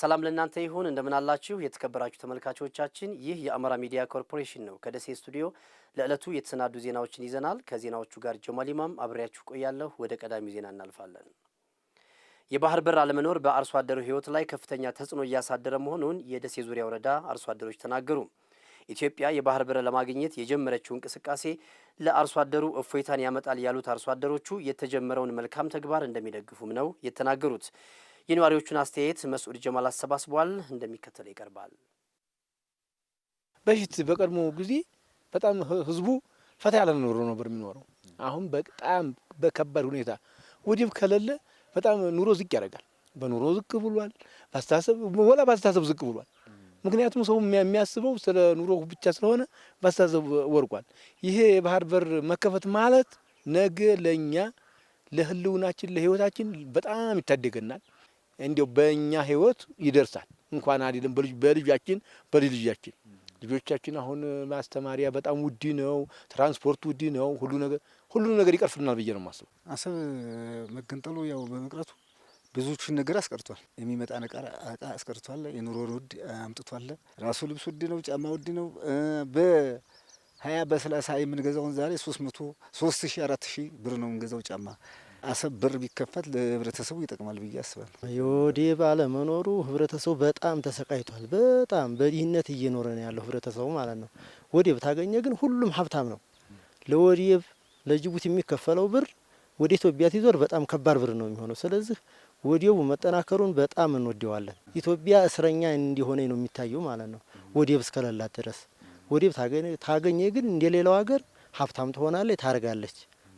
ሰላም ለእናንተ ይሁን። እንደምን አላችሁ የተከበራችሁ ተመልካቾቻችን? ይህ የአማራ ሚዲያ ኮርፖሬሽን ነው። ከደሴ ስቱዲዮ ለዕለቱ የተሰናዱ ዜናዎችን ይዘናል። ከዜናዎቹ ጋር ጀማል ኢማም አብሬያችሁ ቆያለሁ። ወደ ቀዳሚው ዜና እናልፋለን። የባህር በር አለመኖር በአርሶ አደሩ ሕይወት ላይ ከፍተኛ ተጽዕኖ እያሳደረ መሆኑን የደሴ ዙሪያ ወረዳ አርሶ አደሮች ተናገሩ። ኢትዮጵያ የባህር በር ለማግኘት የጀመረችው እንቅስቃሴ ለአርሶ አደሩ እፎይታን ያመጣል ያሉት አርሶ አደሮቹ የተጀመረውን መልካም ተግባር እንደሚደግፉም ነው የተናገሩት። የነዋሪዎቹን አስተያየት መስዑድ ጀማል አሰባስቧል፣ እንደሚከተለው ይቀርባል። በፊት በቀድሞ ጊዜ በጣም ህዝቡ ፈታ ያለ ኑሮ ነበር የሚኖረው። አሁን በጣም በከባድ ሁኔታ ወደብ ከሌለ በጣም ኑሮ ዝቅ ያደርጋል። በኑሮ ዝቅ ብሏል፣ ባስተሳሰብ ወላ ባስተሳሰብ ዝቅ ብሏል። ምክንያቱም ሰው የሚያስበው ስለ ኑሮ ብቻ ስለሆነ ባስተሳሰብ ወርቋል። ይሄ የባህር በር መከፈት ማለት ነገ ለእኛ ለህልውናችን ለህይወታችን በጣም ይታደገናል። እንዲው በእኛ ህይወት ይደርሳል እንኳን አይደለም በልጃችን በልጅ ልጆቻችን አሁን ማስተማሪያ በጣም ውድ ነው፣ ትራንስፖርት ውድ ነው፣ ሁሉ ነገር ሁሉ ነገር ይቀርፍልናል ብዬ ነው የማስበው። አሰብ መገንጠሉ ያው በመቅረቱ ብዙዎቹን ነገር አስቀርቷል። የሚመጣ አቃ አስቀርቷል። የኑሮ ውድ አምጥቷል። ራሱ ልብስ ውድ ነው፣ ጫማ ውድ ነው። በሀያ በሰላሳ የምንገዛውን ዛሬ ሶስት መቶ ሶስት ሺ አራት ሺ ብር ነው የምንገዛው ጫማ አሰብ በር ቢከፈት ለህብረተሰቡ ይጠቅማል ብዬ አስባለሁ። የወደብ አለመኖሩ ህብረተሰቡ በጣም ተሰቃይቷል። በጣም በድህነት እየኖረ ነው ያለው ህብረተሰቡ ማለት ነው። ወደብ ታገኘ ግን ሁሉም ሀብታም ነው። ለወደብ ለጅቡቲ የሚከፈለው ብር ወደ ኢትዮጵያ ሲዞር በጣም ከባድ ብር ነው የሚሆነው። ስለዚህ ወደቡ መጠናከሩን በጣም እንወደዋለን። ኢትዮጵያ እስረኛ እንዲሆነ ነው የሚታየው ማለት ነው፣ ወደብ እስከሌላት ድረስ። ወደብ ታገኘ ግን እንደሌላው ሀገር ሀብታም ትሆናለች፣ ታርጋለች።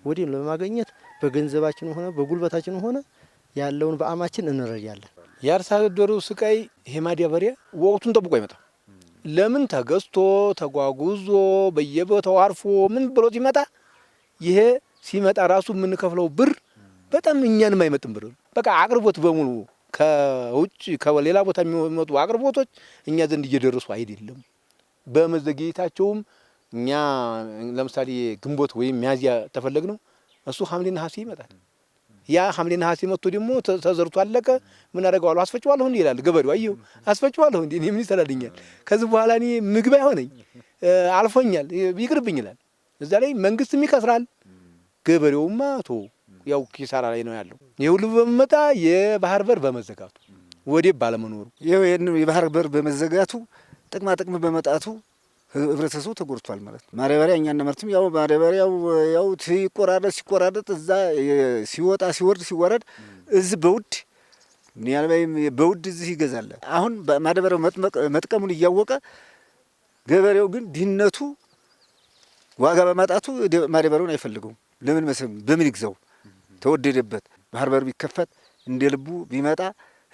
ወደብ ለማግኘት በገንዘባችን ሆነ በጉልበታችን ሆነ ያለውን በአማችን እንረዳለን። የአርሶ አደሩ ስቃይ ሄማዲያ ማዳበሪያ ወቅቱን ጠብቆ አይመጣም። ለምን ተገዝቶ ተጓጉዞ በየቦታው አርፎ ምን ብሎ ሲመጣ ይሄ ሲመጣ ራሱ የምንከፍለው ብር በጣም እኛንም አይመጥም ብር በቃ አቅርቦት በሙሉ ከውጭ ከሌላ ቦታ የሚመጡ አቅርቦቶች እኛ ዘንድ እየደረሱ አይደለም። በመዘግየታቸውም እኛ ለምሳሌ ግንቦት ወይም ሚያዝያ ተፈለግ ነው እሱ ሐምሌ ነሐሴ ይመጣል። ያ ሐምሌ ነሐሴ መጥቶ ደግሞ ተዘርቶ አለቀ። ምን አደርገዋለሁ? አስፈጭዋለሁ እንዴ ይላል ገበሬው። አየሁ አስፈጭዋለሁ እንዴ፣ እኔ ምን ይሰራልኛል? ከዚህ በኋላ እኔ ምግብ አይሆነኝ አልፎኛል፣ ይቅርብኝ ይላል። እዛ ላይ መንግስትም ይከስራል፣ ገበሬውማ ቶ ያው ኪሳራ ላይ ነው ያለው። ይህ ሁሉ በመጣ የባህር በር በመዘጋቱ ወዴ ባለመኖሩ ይህ የባህር በር በመዘጋቱ ጥቅማ ጥቅም በመጣቱ ህብረተሰቡ ተጎድቷል ማለት ነው። ማዳበሪያ እኛ እናመርትም፣ ያው ማዳበሪያው ያው ሲቆራረጥ ሲቆራረጥ እዛ ሲወጣ ሲወርድ ሲወረድ እዚህ በውድ ምናልባይም በውድ እዚህ ይገዛል። አሁን ማዳበሪያው መጥቀሙን እያወቀ ገበሬው ግን ድህነቱ ዋጋ በማጣቱ ማዳበሪያውን አይፈልገውም። ለምን መሰለኝ በምን ይግዛው? ተወደደበት። ባህር በር ቢከፈት እንደ ልቡ ቢመጣ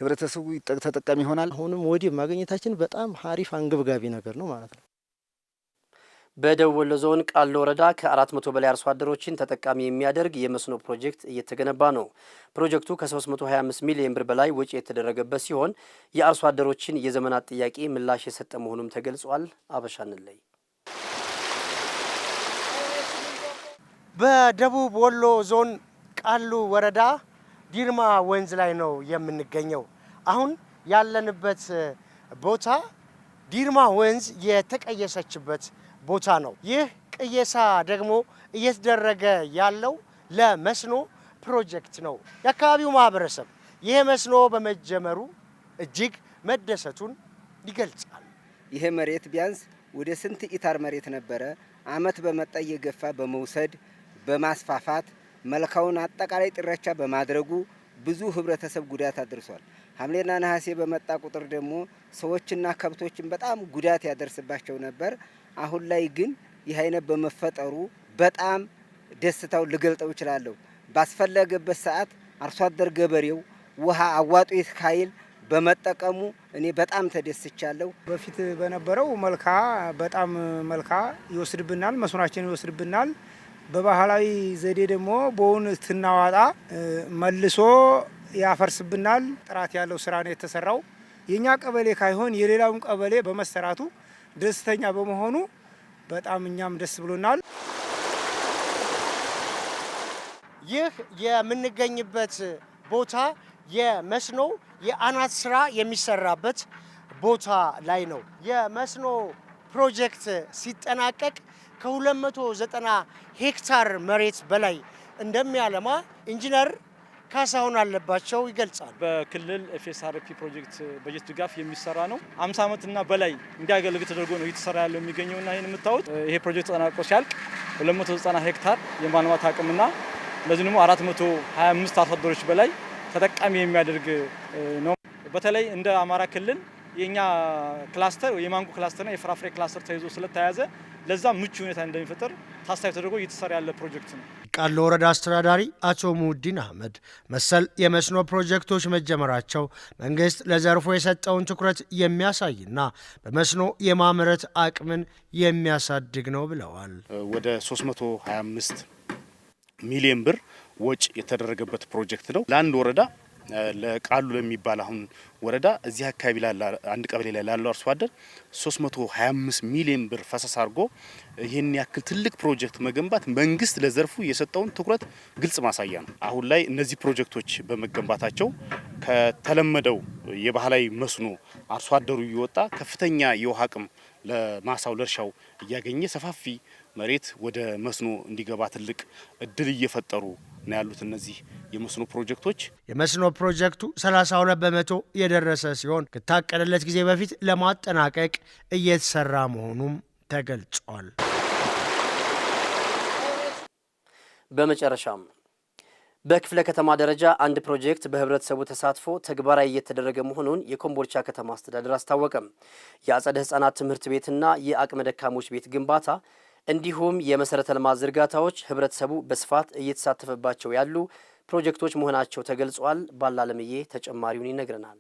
ህብረተሰቡ ተጠቃሚ ይሆናል። አሁንም ወዲህ ማግኘታችን በጣም ሀሪፍ አንገብጋቢ ነገር ነው ማለት ነው። በደቡብ ወሎ ዞን ቃለ ወረዳ ከ400 በላይ አርሶ አደሮችን ተጠቃሚ የሚያደርግ የመስኖ ፕሮጀክት እየተገነባ ነው። ፕሮጀክቱ ከ325 ሚሊዮን ብር በላይ ወጪ የተደረገበት ሲሆን የአርሶ አደሮችን የዘመናት ጥያቄ ምላሽ የሰጠ መሆኑም ተገልጿል። አበሻንለይ በደቡብ ወሎ ዞን ቃሉ ወረዳ ዲርማ ወንዝ ላይ ነው የምንገኘው። አሁን ያለንበት ቦታ ዲርማ ወንዝ የተቀየሰችበት ቦታ ነው። ይህ ቅየሳ ደግሞ እየተደረገ ያለው ለመስኖ ፕሮጀክት ነው። የአካባቢው ማህበረሰብ ይህ መስኖ በመጀመሩ እጅግ መደሰቱን ይገልጻል። ይህ መሬት ቢያንስ ወደ ስንት ኢታር መሬት ነበረ? አመት በመጣ እየገፋ በመውሰድ በማስፋፋት መልካውን አጠቃላይ ጥረቻ በማድረጉ ብዙ ህብረተሰብ ጉዳት አድርሷል። ሐምሌና ነሐሴ በመጣ ቁጥር ደግሞ ሰዎችና ከብቶችን በጣም ጉዳት ያደርስባቸው ነበር። አሁን ላይ ግን ይህ አይነት በመፈጠሩ በጣም ደስታው ልገልጠው እችላለሁ። ባስፈለገበት ሰዓት አርሶ አደር ገበሬው ውሃ አዋጡ ካይል በመጠቀሙ እኔ በጣም ተደስቻለሁ። በፊት በነበረው መልካ በጣም መልካ ይወስድብናል፣ መስኖችን ይወስድብናል። በባህላዊ ዘዴ ደግሞ በውን ትናዋጣ መልሶ ያፈርስብናል። ጥራት ያለው ስራ ነው የተሰራው። የኛ ቀበሌ ካይሆን የሌላውን ቀበሌ በመሰራቱ ደስተኛ በመሆኑ በጣም እኛም ደስ ብሎናል። ይህ የምንገኝበት ቦታ የመስኖ የአናት ስራ የሚሰራበት ቦታ ላይ ነው። የመስኖ ፕሮጀክት ሲጠናቀቅ ከ290 ሄክታር መሬት በላይ እንደሚያለማ ኢንጂነር ካሳሁን አለባቸው ይገልጻል። በክልል ኤፍኤስአርፒ ፕሮጀክት በጀት ድጋፍ የሚሰራ ነው። አምሳ ዓመትና በላይ እንዲያገለግል ተደርጎ ነው እየተሰራ ያለው የሚገኘውና ይህን የምታዩት ይሄ ፕሮጀክት ተጠናቆ ሲያልቅ 290 ሄክታር የማልማት አቅምና እንደዚህ ደግሞ 425 አርሶ አደሮች በላይ ተጠቃሚ የሚያደርግ ነው። በተለይ እንደ አማራ ክልል የእኛ ክላስተር የማንጎ ክላስተርና የፍራፍሬ ክላስተር ተይዞ ስለተያያዘ ለዛ ምቹ ሁኔታ እንደሚፈጠር ታሳቢ ተደርጎ እየተሰራ ያለ ፕሮጀክት ነው። ቃሉ ወረዳ አስተዳዳሪ አቶ ሙዲን አህመድ መሰል የመስኖ ፕሮጀክቶች መጀመራቸው መንግስት ለዘርፎ የሰጠውን ትኩረት የሚያሳይና በመስኖ የማምረት አቅምን የሚያሳድግ ነው ብለዋል። ወደ 325 ሚሊዮን ብር ወጪ የተደረገበት ፕሮጀክት ነው ለአንድ ወረዳ ለቃሉ ለሚባል አሁን ወረዳ እዚህ አካባቢ ላለ አንድ ቀበሌ ላይ ላለው አርሶ አደር 325 ሚሊዮን ብር ፈሰስ አድርጎ ይህን ያክል ትልቅ ፕሮጀክት መገንባት መንግስት ለዘርፉ የሰጠውን ትኩረት ግልጽ ማሳያ ነው። አሁን ላይ እነዚህ ፕሮጀክቶች በመገንባታቸው ከተለመደው የባህላዊ መስኖ አርሶ አደሩ እየወጣ ከፍተኛ የውሃ አቅም ለማሳው ለእርሻው እያገኘ ሰፋፊ መሬት ወደ መስኖ እንዲገባ ትልቅ እድል እየፈጠሩ ነው ያሉት እነዚህ የመስኖ ፕሮጀክቶች። የመስኖ ፕሮጀክቱ 32 በመቶ የደረሰ ሲሆን ከታቀደለት ጊዜ በፊት ለማጠናቀቅ እየተሰራ መሆኑም ተገልጿል። በመጨረሻም በክፍለ ከተማ ደረጃ አንድ ፕሮጀክት በህብረተሰቡ ተሳትፎ ተግባራዊ እየተደረገ መሆኑን የኮምቦልቻ ከተማ አስተዳደር አስታወቀም። የአጸደ ህጻናት ትምህርት ቤትና የአቅመ ደካሞች ቤት ግንባታ እንዲሁም የመሰረተ ልማት ዝርጋታዎች ህብረተሰቡ በስፋት እየተሳተፈባቸው ያሉ ፕሮጀክቶች መሆናቸው ተገልጿል። ባላለምዬ ተጨማሪውን ይነግረናል።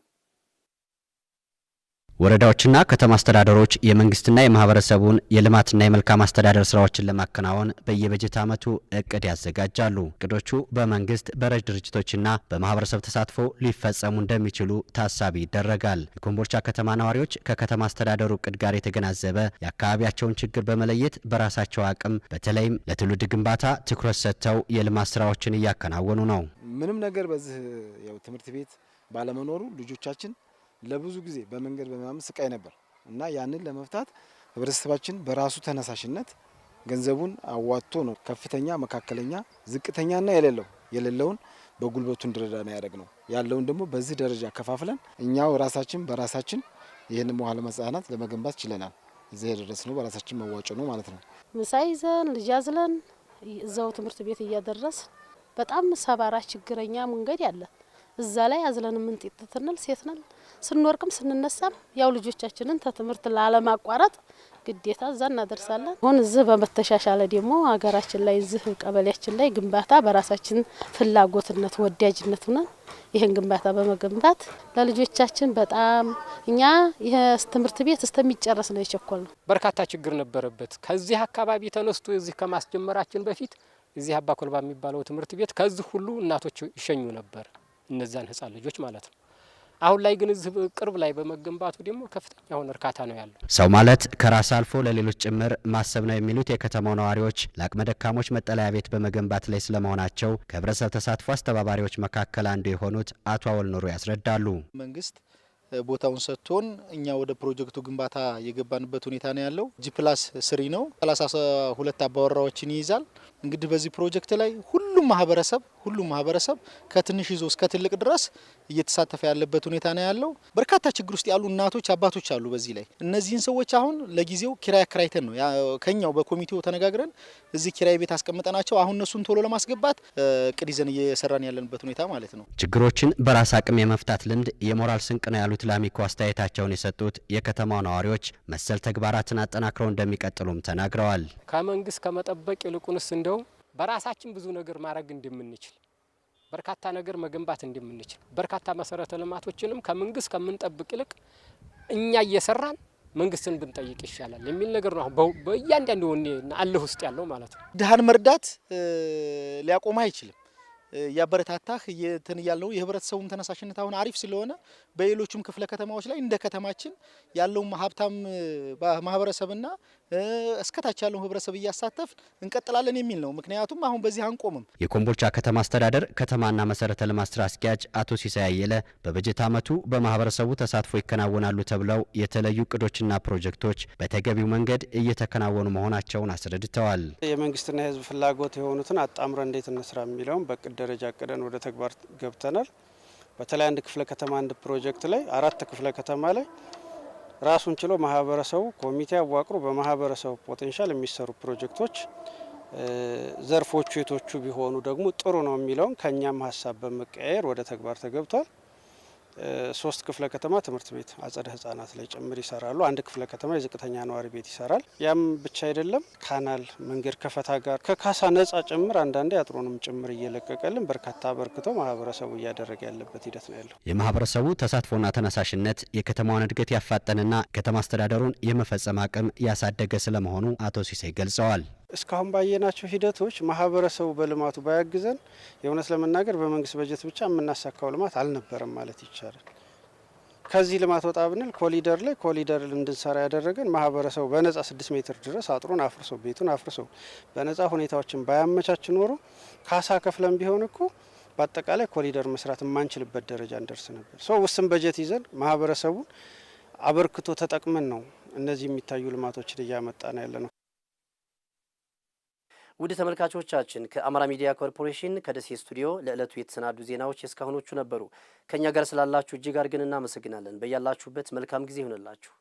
ወረዳዎችና ከተማ አስተዳደሮች የመንግስትና የማህበረሰቡን የልማትና የመልካም አስተዳደር ስራዎችን ለማከናወን በየበጀት ዓመቱ እቅድ ያዘጋጃሉ። እቅዶቹ በመንግስት በረጅ ድርጅቶችና በማህበረሰብ ተሳትፎ ሊፈጸሙ እንደሚችሉ ታሳቢ ይደረጋል። የኮምቦልቻ ከተማ ነዋሪዎች ከከተማ አስተዳደሩ እቅድ ጋር የተገናዘበ የአካባቢያቸውን ችግር በመለየት በራሳቸው አቅም በተለይም ለትውልድ ግንባታ ትኩረት ሰጥተው የልማት ስራዎችን እያከናወኑ ነው። ምንም ነገር በዚህ ያው ትምህርት ቤት ባለመኖሩ ልጆቻችን ለብዙ ጊዜ በመንገድ በምናምን ስቃይ ነበር እና ያንን ለመፍታት ህብረተሰባችን በራሱ ተነሳሽነት ገንዘቡን አዋጥቶ ነው ከፍተኛ፣ መካከለኛ፣ ዝቅተኛና የሌለው የሌለውን በጉልበቱ እንዲረዳ ነው ያደረግ ነው። ያለውን ደግሞ በዚህ ደረጃ ከፋፍለን እኛው ራሳችን በራሳችን ይህን መዋዕለ ሕጻናት ለመገንባት ችለናል። እዚህ ነው በራሳችን መዋጮ ነው ማለት ነው። ምሳ ይዘን ልጅ አዝለን እዛው ትምህርት ቤት እያደረስ በጣም ሰባራ ችግረኛ መንገድ ያለን እዛ ላይ አዝለን ምንጥጥትንል ሴት ነን። ስንወርቅም ስንነሳም ያው ልጆቻችንን ተትምህርት ላለማቋረጥ ግዴታ እዛ እናደርሳለን። አሁን እዚህ በመተሻሻለ ደግሞ ሀገራችን ላይ እዚህ ቀበሌያችን ላይ ግንባታ በራሳችን ፍላጎትነት ወዳጅነት ሁነን ይህን ግንባታ በመገንባት ለልጆቻችን በጣም እኛ ይህ ትምህርት ቤት እስከሚጨረስ ነው የቸኮል ነው። በርካታ ችግር ነበረበት። ከዚህ አካባቢ ተነስቶ እዚህ ከማስጀመራችን በፊት እዚህ አባ ኮልባ የሚባለው ትምህርት ቤት ከዚህ ሁሉ እናቶች ይሸኙ ነበር። እነዛን ህጻን ልጆች ማለት ነው። አሁን ላይ ግን ህዝብ ቅርብ ላይ በመገንባቱ ደግሞ ከፍተኛ የሆነ እርካታ ነው ያለው። ሰው ማለት ከራስ አልፎ ለሌሎች ጭምር ማሰብ ነው የሚሉት የከተማው ነዋሪዎች ለአቅመ ደካሞች መጠለያ ቤት በመገንባት ላይ ስለመሆናቸው ከህብረተሰብ ተሳትፎ አስተባባሪዎች መካከል አንዱ የሆኑት አቶ አወል ያስረዳሉ። መንግስት ቦታውን ሰጥቶን እኛ ወደ ፕሮጀክቱ ግንባታ የገባንበት ሁኔታ ነው ያለው። ጂ ፕላስ ስሪ ነው፣ ሰላሳ ሁለት አባወራዎችን ይይዛል። እንግዲህ በዚህ ፕሮጀክት ላይ ሁሉም ማህበረሰብ ሁሉም ማህበረሰብ ከትንሽ ይዞ እስከ ትልቅ ድረስ እየተሳተፈ ያለበት ሁኔታ ነው ያለው። በርካታ ችግር ውስጥ ያሉ እናቶች፣ አባቶች አሉ። በዚህ ላይ እነዚህን ሰዎች አሁን ለጊዜው ኪራይ አከራይተን ነው ከኛው በኮሚቴው ተነጋግረን እዚህ ኪራይ ቤት አስቀምጠናቸው አሁን እነሱን ቶሎ ለማስገባት እቅድ ይዘን እየሰራን ያለንበት ሁኔታ ማለት ነው። ችግሮችን በራስ አቅም የመፍታት ልምድ የሞራል ስንቅ ነው ያሉት ለአሚኮ አስተያየታቸውን የሰጡት የከተማው ነዋሪዎች መሰል ተግባራትን አጠናክረው እንደሚቀጥሉም ተናግረዋል። ከመንግስት ከመጠበቅ ይልቁንስ እንደውም በራሳችን ብዙ ነገር ማድረግ እንደምንችል በርካታ ነገር መገንባት እንደምንችል በርካታ መሰረተ ልማቶችንም ከመንግስት ከምንጠብቅ ይልቅ እኛ እየሰራን መንግስትን ብንጠይቅ ይሻላል የሚል ነገር ነው። በእያንዳንዱ ወኔ አለህ ውስጥ ያለው ማለት ነው። ድሃን መርዳት ሊያቆም አይችልም። ያበረታታህ እንትን ያለው የህብረተሰቡም ተነሳሽነት አሁን አሪፍ ስለሆነ በሌሎችም ክፍለ ከተማዎች ላይ እንደ ከተማችን ያለውን ሀብታም ማህበረሰብና እስከታች ያለውን ህብረተሰብ እያሳተፍ እንቀጥላለን የሚል ነው። ምክንያቱም አሁን በዚህ አንቆምም። የኮምቦልቻ ከተማ አስተዳደር ከተማና መሰረተ ልማት ስራ አስኪያጅ አቶ ሲሳይ አየለ በበጀት ዓመቱ በማህበረሰቡ ተሳትፎ ይከናወናሉ ተብለው የተለዩ እቅዶችና ፕሮጀክቶች በተገቢው መንገድ እየተከናወኑ መሆናቸውን አስረድተዋል። የመንግስትና የህዝብ ፍላጎት የሆኑትን አጣምረ እንዴት እንስራ የሚለውም በቅድ ደረጃ እቅደን ወደ ተግባር ገብተናል። በተለይ አንድ ክፍለ ከተማ አንድ ፕሮጀክት ላይ አራት ክፍለ ከተማ ላይ ራሱን ችሎ ማህበረሰቡ ኮሚቴ አዋቅሮ በማህበረሰቡ ፖቴንሻል የሚሰሩ ፕሮጀክቶች ዘርፎቹ የቶቹ ቢሆኑ ደግሞ ጥሩ ነው የሚለውን ከእኛም ሀሳብ በመቀያየር ወደ ተግባር ተገብቷል። ሶስት ክፍለ ከተማ ትምህርት ቤት አጸደ ህጻናት ላይ ጭምር ይሰራሉ። አንድ ክፍለ ከተማ የዝቅተኛ ነዋሪ ቤት ይሰራል። ያም ብቻ አይደለም፣ ካናል መንገድ ከፈታ ጋር ከካሳ ነጻ ጭምር አንዳንዴ አጥሮንም ጭምር እየለቀቀልን በርካታ አበርክቶ ማህበረሰቡ እያደረገ ያለበት ሂደት ነው ያለው። የማህበረሰቡ ተሳትፎና ተነሳሽነት የከተማዋን እድገት ያፋጠንና ከተማ አስተዳደሩን የመፈጸም አቅም ያሳደገ ስለመሆኑ አቶ ሲሳይ ገልጸዋል። እስካሁን ባየናቸው ሂደቶች ማህበረሰቡ በልማቱ ባያግዘን የእውነት ለመናገር በመንግስት በጀት ብቻ የምናሳካው ልማት አልነበረም ማለት ይቻላል። ከዚህ ልማት ወጣ ብንል ኮሊደር ላይ ኮሊደር እንድንሰራ ያደረገን ማህበረሰቡ በነጻ ስድስት ሜትር ድረስ አጥሩን አፍርሶ ቤቱን አፍርሶ በነጻ ሁኔታዎችን ባያመቻች ኖሮ ካሳ ከፍለን ቢሆን እኮ በአጠቃላይ ኮሊደር መስራት የማንችልበት ደረጃ እንደርስ ነበር። ሰው ውስን በጀት ይዘን ማህበረሰቡን አበርክቶ ተጠቅመን ነው እነዚህ የሚታዩ ልማቶችን እያመጣ ነው ያለ ነው። ውድ ተመልካቾቻችን ከአማራ ሚዲያ ኮርፖሬሽን ከደሴ ስቱዲዮ ለዕለቱ የተሰናዱ ዜናዎች የእስካሁኖቹ ነበሩ። ከእኛ ጋር ስላላችሁ እጅግ አድርገን እናመሰግናለን። በያላችሁበት መልካም ጊዜ ይሆንላችሁ።